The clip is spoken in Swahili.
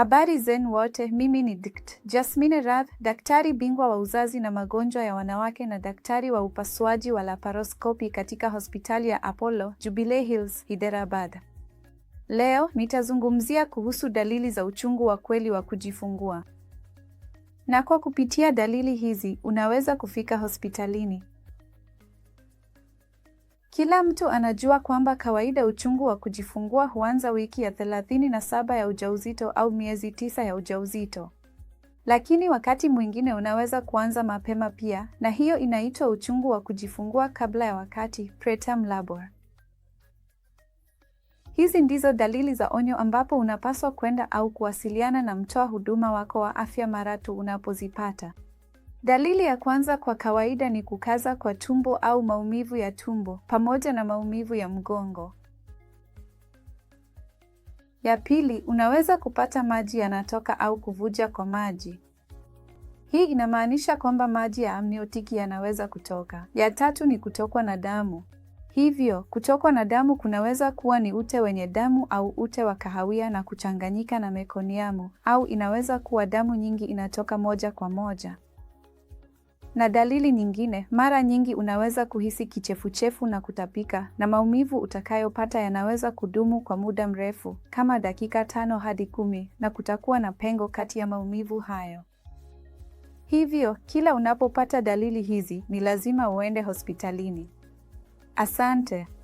Habari zenu wote, mimi ni Dkt. Jasmine Rath, daktari bingwa wa uzazi na magonjwa ya wanawake na daktari wa upasuaji wa laparoskopi katika hospitali ya Apollo Jubilee Hills, Hyderabad. Leo nitazungumzia kuhusu dalili za uchungu wa kweli wa kujifungua, na kwa kupitia dalili hizi unaweza kufika hospitalini kila mtu anajua kwamba kawaida uchungu wa kujifungua huanza wiki ya 37 ya ujauzito au miezi tisa ya ujauzito. Lakini wakati mwingine unaweza kuanza mapema pia, na hiyo inaitwa uchungu wa kujifungua kabla ya wakati, preterm labor. Hizi ndizo dalili za onyo ambapo unapaswa kwenda au kuwasiliana na mtoa huduma wako wa afya mara tu unapozipata. Dalili ya kwanza kwa kawaida ni kukaza kwa tumbo au maumivu ya tumbo pamoja na maumivu ya mgongo. Ya pili, unaweza kupata maji yanatoka au kuvuja kwa maji. Hii inamaanisha kwamba maji ya amniotiki yanaweza kutoka. Ya tatu ni kutokwa na damu. Hivyo, kutokwa na damu kunaweza kuwa ni ute wenye damu au ute wa kahawia na kuchanganyika na mekoniamu, au inaweza kuwa damu nyingi inatoka moja kwa moja. Na dalili nyingine, mara nyingi unaweza kuhisi kichefuchefu na kutapika, na maumivu utakayopata yanaweza kudumu kwa muda mrefu kama dakika tano hadi kumi, na kutakuwa na pengo kati ya maumivu hayo. Hivyo, kila unapopata dalili hizi, ni lazima uende hospitalini. Asante.